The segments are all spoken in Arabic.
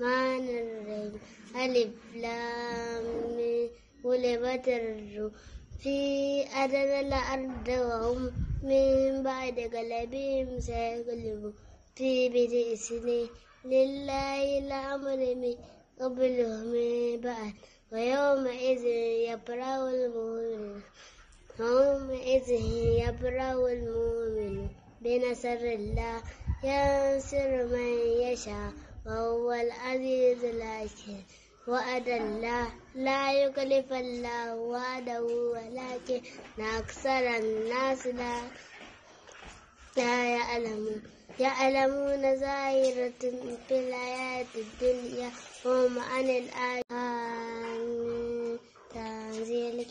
الرحمن الرحيم ألف لام غلبت الروم في أدنى الأرض وهم من بعد غلبهم سيغلبون في بدء سنين لله الأمر من قبلهم بعد ويومئذ يبرأ المؤمنون يومئذ يبرأ المؤمن بنصر الله ينصر من يشاء وهو العزيز الحكيم وعد الله لا يكلف الله وعده ولكن أكثر الناس لا لا يعلمون يعلمون ظاهرة في الحياة الدنيا وهم عن الآخرة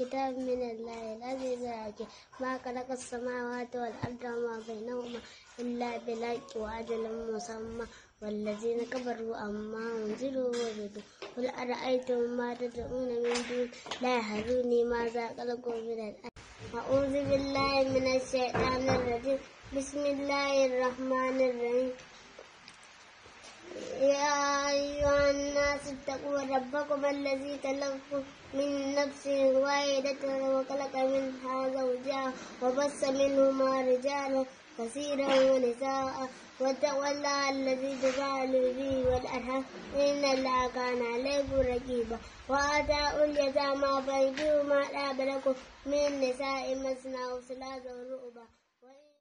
كتاب من الله الذي لا ما خلق السماوات والأرض وما بينهما إلا بالحق وأجل مسمى والذين كفروا أما أنزلوا وجدوا قل أرأيتم ما تدعون من دون لا يهدوني ماذا خلقوا من الأرض أعوذ بالله من الشيطان الرجيم بسم الله الرحمن الرحيم يا أيها تتقوا اتقوا ربكم الذي خلقكم من نفس واحدة وخلق منها زوجها وبث منهما رجالا كثيرا ونساء واتقوا الله الذي تساءلوا به والأرحام إن الله كان عليكم رقيبا وآتاءوا اليتامى فأيديهما ما بلكم من نساء مثنى وثلاث ورؤبا